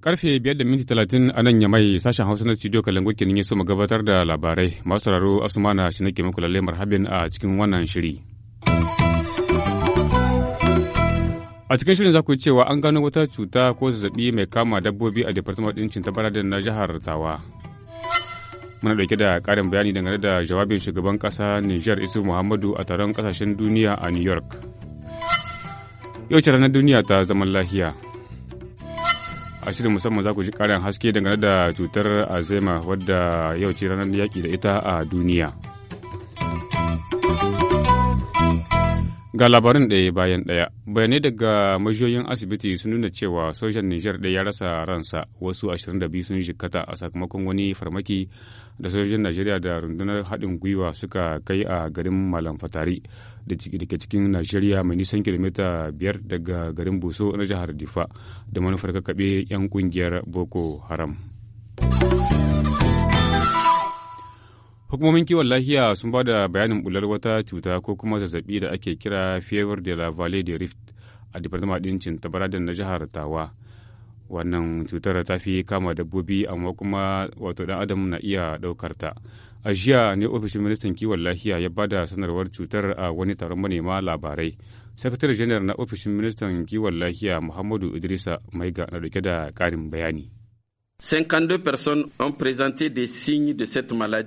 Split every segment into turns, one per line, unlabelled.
Karfe biyar da minti talatin a nan ya yamai sashen Hausa na studio Kalangu kenan ya mu gabatar da labarai. Masu sauraro Asmana shi nake muku lalle marhabin a cikin wannan shiri. A cikin shirin za ku cewa an gano wata cuta ko zazzabi mai kama dabbobi a Departamar ɗincin ta na jihar Tawa. muna dauke da karin bayani dangane da jawabin shugaban kasa Niger Isu Muhammadu a taron kasashen duniya a New York. Yau ce ranar duniya ta zaman lafiya. A shirin musamman za ku ji karin haske dangane da cutar Alzheimer wadda yau ce ranar yaƙi da ita a duniya. Ga labarin ɗaya bayan ɗaya, bayanai daga majiyoyin asibiti sun nuna cewa sojan Nijar ɗaya ya rasa ransa wasu 22 sun jikkata a sakamakon wani farmaki da sojan Najeriya da rundunar haɗin gwiwa suka kai a garin Malam Fatari da ke cikin Najeriya mai nisan kilomita biyar daga garin Buso na jihar Difa da manufar kakaɓe 'yan ƙungiyar Boko Haram. Hukumomin kiwon lafiya sun ba da bayanin bular wata cuta ko kuma zazzabi da ake kira Fever de la Vallée de Rift a Departement ɗin tabaradin na jihar Tawa. Wannan cutar ta fi kama dabbobi amma kuma wato ɗan adam na iya ɗaukar ta. A jiya ne ofishin ministan kiwon lafiya ya ba da sanarwar cutar a wani taron manema labarai. Sakatare janar na ofishin ministan kiwon lafiya Muhammadu Idrisa Maiga na dauke da ƙarin bayani.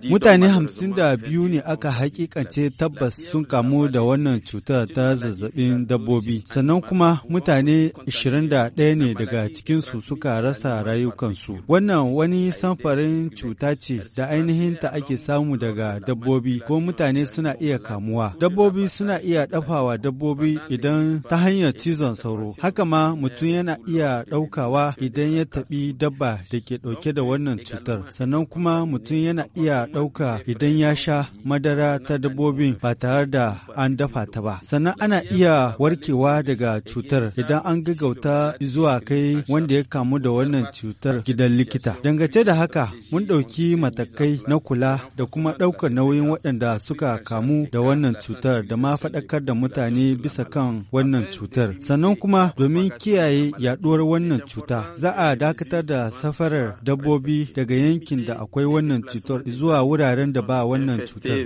Mutane hamsin
da biyu ne aka hakikance tabbas sun kamu da wannan cutar ta zazzabin dabbobi. Sannan kuma mutane 21 ne daga cikinsu suka rasa rayukansu. Wannan wani samfarin cuta ce da ainihin ta ake samu daga dabbobi ko mutane suna iya kamuwa. Dabbobi suna iya dafawa dabbobi idan ta hanyar cizon sauro. Haka ma mutum yana iya daukawa idan ya taɓi dabba da ke ɗauke da wannan cutar sannan kuma mutum yana iya ɗauka idan ya sha madara ta dabbobin ba tare da an dafa ta ba sannan ana iya warkewa daga cutar idan an gaggauta zuwa kai wanda ya kamu da wannan cutar gidan likita dangace da haka mun ɗauki matakai na kula da kuma ɗaukar nauyin waɗanda suka kamu da wannan cutar da ma faɗakar da mutane bisa kan wannan cutar sannan kuma domin kiyaye yaɗuwar wannan cuta za a dakatar da safar safarar dabbobi daga yankin da akwai wannan cutar zuwa wuraren da ba wannan cutar.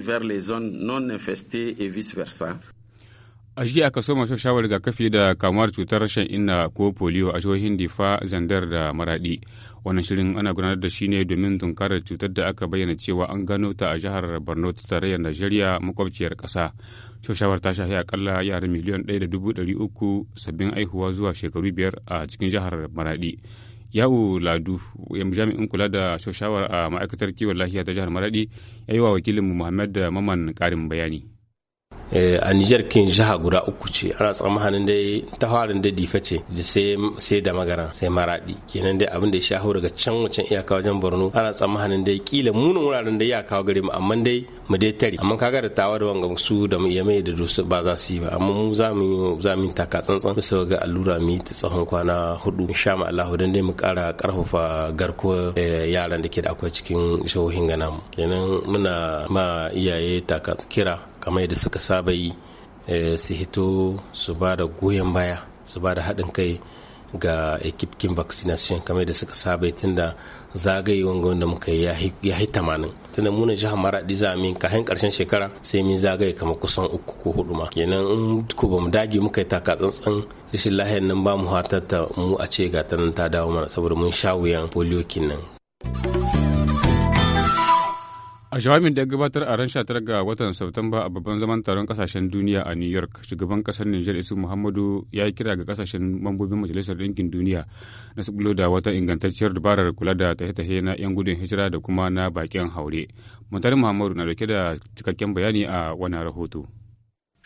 A jiya aka so masu shawar rigakafi da kamar cutar rashin inna ko polio a jihohin Difa, Zandar da Maradi. Wannan shirin ana gudanar da shi ne domin tunkarar cutar da aka bayyana cewa an gano ta a jihar Borno ta tarayyar Najeriya makwabciyar ƙasa. Shawar ta shafi akalla yaran miliyan ɗaya da dubu ɗari sabbin aihuwa zuwa shekaru biyar a cikin jihar Maradi. yawo ladu jami'in kula da shawara a ma'aikatar kiwon lafiya ta jihar maradi ya yi wa wakilinmu muhammad maman karin bayani Eh, a Nijar kin jiha guda uku ce ana tsammanin dai ta harin
da difa ce sai da magana sai maradi kenan dai abin da ya shaho daga can wancan iyaka wajen Borno ana tsammanin dai kila munin wuraren da ya kawo gare mu amma dai mu dai tare amma kaga da tawa da wanga su da mu yame da dusu ba za su yi ba amma mu za mu za mu taka tsantsan bisa ga allura mi ta tsawon kwana hudu insha Allah dan dai mu kara karfafa garko eh, yaran da ke da akwai cikin jihohin gana mu kenan muna ma iyaye taka kira kamar da suka saba yi eh, su hito su ba da goyon baya su ba da haɗin kai ga ekipkin vaccination kamar da suka saba yi tun da zagayewan wanda muka yi ya yi tamanin tunda muna jihar maradi za min kayan karshen shekara sai min zagaye kama kusan uku ko hudu ma kenan in ko ba mu dage muka yi taka tsantsan rashin lahiyar nan ba mu hatar mu a ce ga ta nan ta dawo mana saboda mun sha wuyan polio
A jawabin da ya gabatar a ran 19 ga watan Satumba a babban zaman taron kasashen duniya a New York, shugaban kasar Nijar Isu Muhammadu ya yi kira ga kasashen mambobin Majalisar Ɗinkin Duniya na su da wata ingantacciyar dabarar kula da tahe-tahe na 'yan gudun hijira da kuma na baƙin haure. Muntari Muhammadu na dauke da cikakken bayani a wannan rahoto.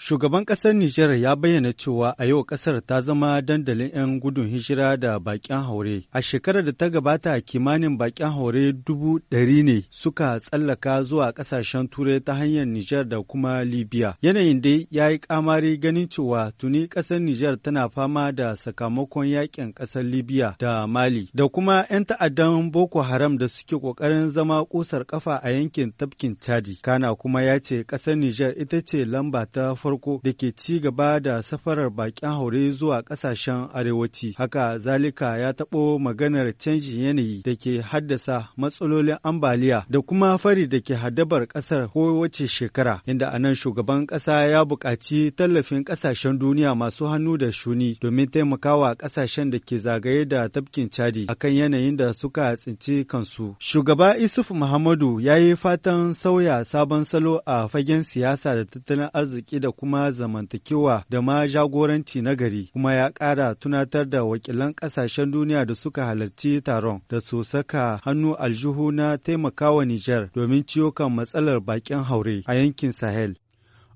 Shugaban ƙasar Nijar ya bayyana cewa a yau ƙasar ta zama dandalin 'yan gudun hijira da baƙin haure. A shekarar da ta gabata kimanin baƙin haure dubu ɗari ne suka tsallaka zuwa ƙasashen Turai ta hanyar Nijar da kuma Libya. Yanayin dai ya yi ƙamari ganin cewa tuni ƙasar Nijar tana fama da sakamakon yaƙin ƙasar Libya da Mali da kuma 'yan ta'addan Boko Haram da suke ƙoƙarin zama ƙusar ƙafa a yankin tafkin Chadi. Kana kuma ya ce ƙasar Nijar ita ce lamba ta farko da ke ci gaba da safarar bakin haure zuwa kasashen arewaci. Haka zalika ya taɓo maganar canjin yanayi da ke haddasa matsalolin ambaliya da kuma fari da ke haddabar ƙasar wace shekara, inda a nan shugaban ƙasa ya buƙaci tallafin ƙasashen duniya masu hannu da shuni domin taimakawa ƙasashen da ke zagaye da tafkin Chadi akan yanayin da suka tsinci kansu. Shugaba Isuf Muhammadu ya yi fatan sauya sabon salo a fagen siyasa da tattalin arziki da kuma zamantakewa da ma jagoranci na gari kuma ya ƙara tunatar da wakilan ƙasashen duniya da suka halarci taron da su saka hannu aljihu na taimakawa Nijar domin ciyo kan matsalar bakin haure a yankin Sahel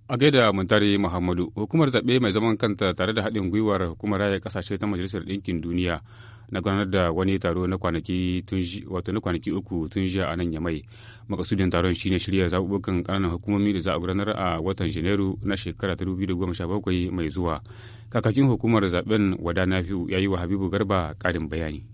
A gaida Muntari Muhammadu, hukumar zaɓe mai zaman kanta tare da haɗin gwiwar hukumar raya ƙasashe ta Majalisar Ɗinkin Duniya na gudanar da wani taro na kwanaki wato na kwanaki uku tun jiya a nan Yamai. Makasudin taron shine shirya zaɓuɓɓukan ƙananan hukumomi da za a gudanar a watan Janairu na shekara ta bakwai mai zuwa. Kakakin hukumar zaɓen Wada Nafi'u ya yi wa Habibu Garba ƙarin bayani.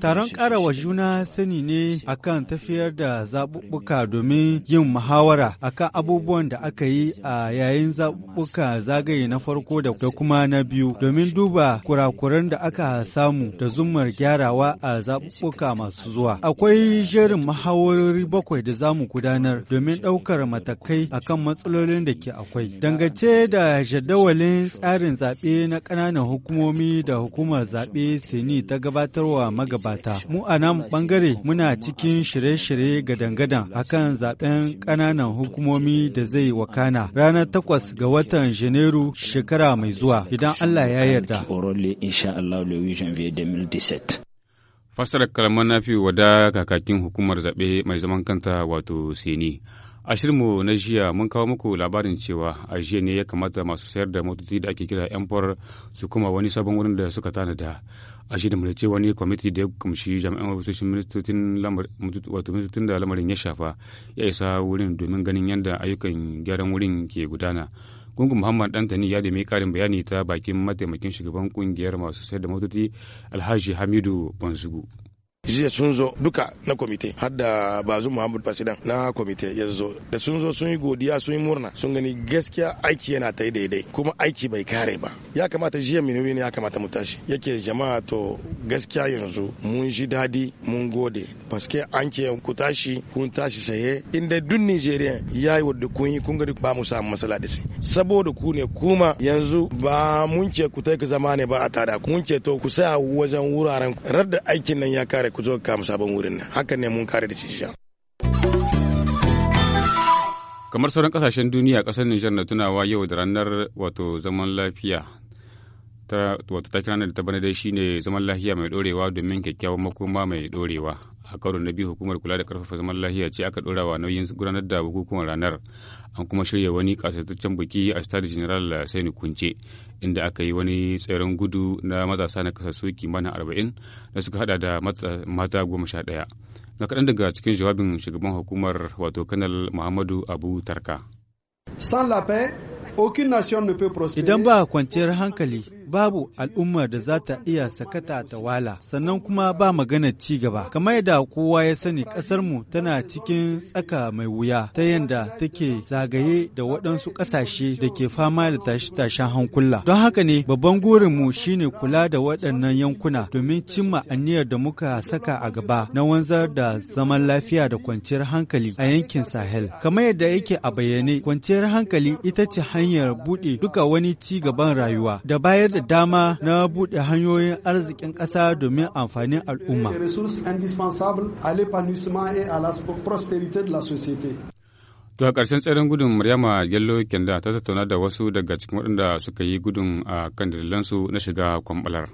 Taron ƙarawa juna sani ne akan tafiyar da zaɓuɓɓuka domin yin muhawara akan abubuwan da aka yi a yayin zaɓuɓɓuka zagaye na farko da kuma na biyu domin duba kurakuran da aka samu da zumar gyarawa a zaɓuɓɓuka masu zuwa. Akwai jerin muhawarori bakwai da za mu gudanar domin ɗaukar matakai akan matsalolin da ke akwai. Dangace da jadawalin tsarin zaɓe na ƙananan hukumomi da hukumomi hukumar zaɓe seni ta gabatarwa magabata mu a nan ɓangare muna cikin shirye-shirye gadan-gadan akan zaɓen ƙananan hukumomi da zai wakana ranar takwas ga watan janairu shekara mai zuwa idan allah ya yarda
fasarar kalmar na fi wada kakakin hukumar zaɓe mai zaman kanta wato seni A shirinmu na jiya mun kawo muku labarin cewa a jiya ne ya kamata masu sayar da motoci da ake kira emperor su kuma wani sabon wurin da suka tanada. A shi da ce wani kwamiti da ya kumshi jami'an ofisoshin ministocin da lamarin ya shafa ya isa wurin domin ganin yadda ayyukan gyaran wurin ke gudana. Gungun Muhammad Dantani ya dame karin bayani ta bakin mataimakin shugaban kungiyar masu sayar da motoci Alhaji Hamidu Banzugu.
jiya sun zo duka na kwamite har
da bazu muhammadu fasidan na
kwamite ya zo da sun zo sun yi godiya sun yi murna sun gani gaskiya aiki yana ta daidai kuma aiki bai kare ba ya kamata jiya minuwi ne ya kamata mu tashi yake jama'a to gaskiya yanzu mun ji dadi mun gode paske an ke ku tashi kun tashi saye inda duk nigeria ya yi wadda kun yi kun gani ba mu samu matsala da si. saboda ku ne kuma yanzu ba mun ce ku ta zama ne ba a tada kun ce to ku sa wajen wuraren radda aikin nan ya kare ku zo kama sabon wurin nan hakan ne mun kare da
kamar sauran kasashen duniya kasar nijar na tunawa yau da ranar wato zaman lafiya ta wata ta ranar da ta bane dai shine zaman lafiya mai dorewa domin kyakkyawan makoma mai dorewa a karo na biyu hukumar kula da karfafa zaman lafiya ce aka dora wa nauyin gudanar da bukukuwan ranar an kuma shirya wani kasataccen biki a stade general sani kunce inda aka yi wani tseren gudu na matasa na kasassu kimanin arba'in da suka hada da mata goma sha ɗaya na kaɗan daga cikin jawabin shugaban hukumar wato kanal muhammadu abu tarka
Idan ba kwanciyar hankali, babu al'ummar da za ta iya sakata ta wala sannan kuma ba magana ci gaba kamar yadda kowa ya sani ƙasarmu tana cikin tsaka mai wuya ta yadda take zagaye da waɗansu ƙasashe da ke fama da tashe-tashen hankula don haka ne babban gurinmu shine kula da waɗannan yankuna domin cimma aniyar da muka saka a gaba na wanzar da zaman lafiya da kwanciyar hankali a yankin sahel kamar yadda yake a bayyane kwanciyar hankali ita ce hanyar buɗe duka wani ci gaban rayuwa da bayar da dama na buɗe hanyoyin arzikin ƙasa domin amfanin al'umma.
To a ƙarshen tseren gudun Maryama Yallo Kenda ta tattauna da wasu daga cikin waɗanda suka yi gudun a kan dalilansu na shiga kwambalar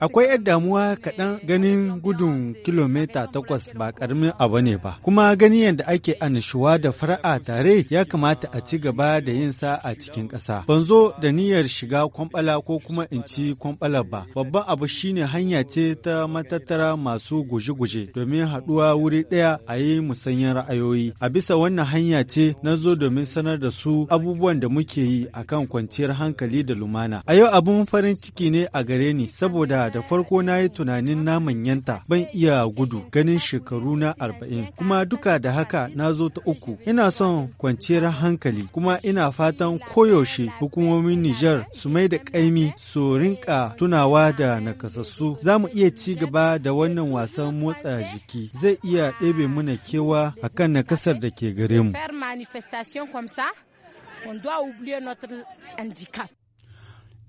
Akwai 'yan damuwa kaɗan ganin gudun kilomita takwas ba ƙaramin abu ne ba.
Kuma gani yadda ake annashuwa da fara'a tare ya kamata a ci gaba da yin sa a cikin ƙasa. Ban zo da niyyar shiga kwamɓala ko kuma in ci kwamɓala ba. Babban abu shine hanya ce ta matattara masu guje-guje domin haɗuwa wuri ɗaya a yi musanyen ra'ayoyi. A bisa wannan hanya ce na zo domin sanar da su abubuwan da muke yi akan kwanciyar hankali da lumana. A yau abin farin ciki ne a gare ni saboda da farko na yi tunanin naman yanta, ban iya gudu ganin shekaru na arba'in kuma duka da haka na zo ta uku ina son kwanciyar hankali kuma ina fatan koyaushe hukumomin Nijar su mai da ƙaimi su rinka tunawa da nakasassu za mu iya ci gaba da wannan wasan motsa jiki zai iya ɗebe mana kewa a kan nakasar da ke gare mu.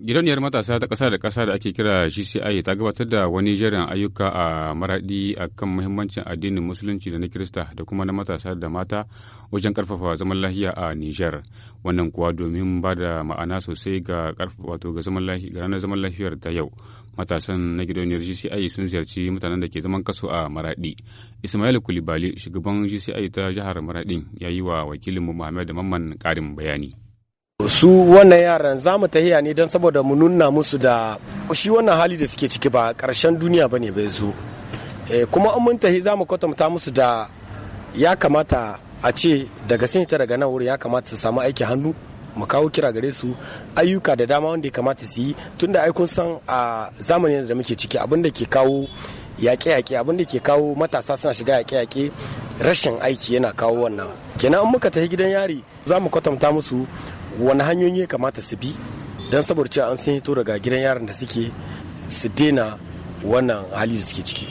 Gidauniyar matasa ta ƙasa da ƙasa da ake kira GCI ta gabatar da wani jerin ayyuka a maraɗi a kan muhimmancin addinin Musulunci da na Kirista da kuma na matasa da mata wajen ƙarfafa zaman lahiya a Nijar. Wannan kuwa domin ba da ma'ana sosai ga wato ga zaman lahiya ranar zaman lahiyar ta yau. Matasan na gidauniyar GCI sun ziyarci mutanen da ke zaman kaso a maraɗi. Ismail Kulibali shugaban GCI ta jihar Maraɗin ya yi wa wakilinmu Muhammad Mamman ƙarin bayani.
su wannan yaran za mu tahiya ne don saboda mu nuna musu da shi wannan hali da suke ciki ba karshen duniya ba ne bai zo eh, kuma an mun tahi za mu kwatanta musu da ya kamata a ce daga sun ta daga nan wuri ya kamata su samu aiki hannu mu kawo kira gare su ayyuka da dama wanda ya kamata su yi tunda da aikun san a zamanin da muke ciki abin da ke kawo yaƙe-yaƙe abin da ke kawo matasa suna shiga yaƙe-yaƙe rashin aiki yana kawo wannan kenan an muka tafi gidan yari za mu kwatanta musu wani hanyoyi ya kamata su bi don saboda cewa an sun hito daga gidan yaran da suke su daina wannan hali da suke ciki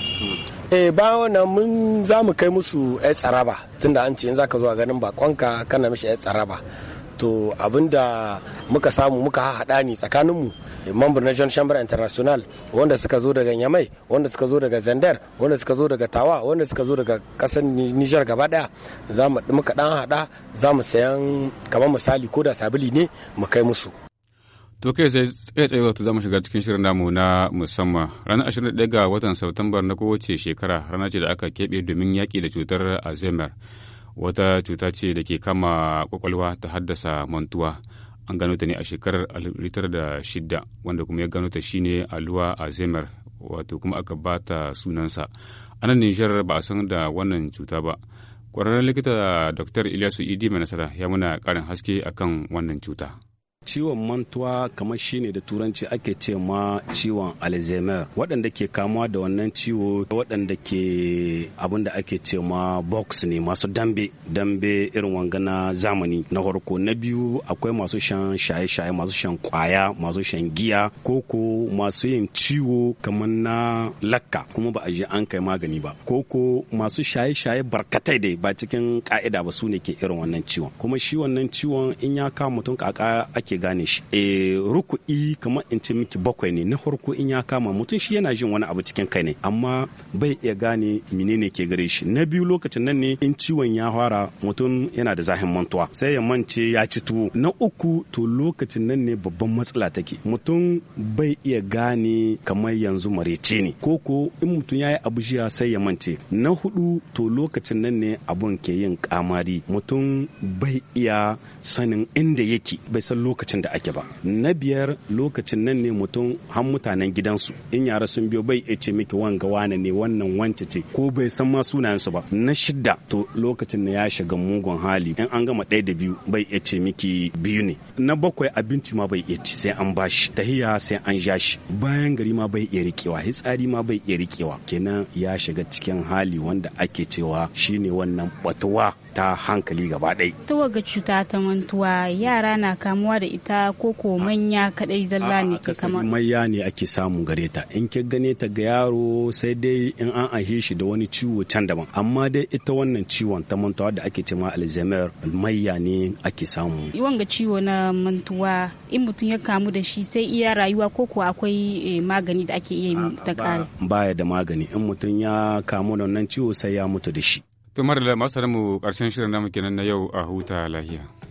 eh bayan wannan mun za mu kai musu ya tsaraba tunda an ce in zaka zo a ganin bakonka kana mishi ya tsaraba to da muka samu muka haɗa ni tsakaninmu mambar na john chamber international wanda suka zo daga nyamai wanda suka zo daga zandar wanda suka zo daga tawa wanda suka zo daga ƙasar nijar gaba ɗaya za mu muka ɗan haɗa za mu sayan kamar misali ko da sabili ne mu kai musu
To kai sai tsaye tsaye za mu shiga cikin shirin namu na musamman. Ranar 21 ga watan Satumbar na kowace shekara rana ce da aka keɓe domin yaƙi da cutar Alzheimer. wata cuta ce da ke kama kwakwalwa ta haddasa mantuwa an gano ta ne a shekarar alitar da shidda wanda kuma ya gano ta shine aluwa alzheimer wato kuma aka ba ta sunansa a nan nijar ba a san da wannan cuta ba kwararren likita da dr ilyasu idi mai nasara ya muna karin haske akan wannan cuta
ciwon mantuwa kamar shine da turanci ake ce ma ciwon alzheimer waɗanda ke kamuwa da wannan ciwo waɗanda ke abinda ake ce ma box ne masu dambe dambe irin wanga zamani na harko na biyu akwai masu shan shaye-shaye masu shan kwaya masu shan giya koko masu yin ciwo kamar na lakka kuma ba a je an kai magani ba koko masu shaye-shaye barkatai dai ba cikin ka'ida ba su ne ke irin wannan ciwon kuma shi wannan ciwon in ya kama mutum kaka ake gane shi e ruku'i kamar in ce miki bakwai ne na farko in ya kama mutum shi yana jin wani abu cikin kai ne amma bai iya gane menene ke gare shi na biyu lokacin nan ne in ciwon ya fara mutum yana da zahin mantuwa sai ya mance ya ci tuwo na uku to lokacin nan ne babban matsala take mutum bai iya gane kamar yanzu marece ne koko in mutum ya yi abu jiya sai ya mance na hudu to lokacin nan ne abun ke yin kamari mutum bai iya sanin inda yake bai san lokacin lokacin da ake ba na biyar lokacin nan ne mutum han mutanen gidansu in yara sun biyo bai ce miki wanga wane ne wannan wance ce ko bai san ma sunayensu ba na shidda to lokacin na ya shiga mugun hali in an gama ɗaya da biyu bai ce miki biyu ne na bakwai abinci ma bai ci sai an bashi tahiya sai an ja shi bayan gari ma bai iya rikewa hitsari ma bai iya rikewa kenan ya shiga cikin hali wanda ake cewa shine wannan batuwa ta hankali gaba ɗai.
Ta waga cuta ta mantuwa yara na kamuwa da ita ko ko manya kaɗai zalla ne ke kama.
Manya ne ake samu gare ta in ki gane ta ga yaro sai dai in an ahe shi da wani ciwo can daban amma dai ita wannan ciwon ta mantuwa da ake cema Alzheimer manya ne ake samu.
Wanga ciwo na mantuwa in mutum ya kamu da shi sai iya rayuwa ko ko akwai eh, magani da ake iya ta kare.
Baya da magani in mutum ya kamu da wannan ciwo sai ya mutu da shi.
tumar da masu mu karshen shirin namu kenan na yau a huta lahiya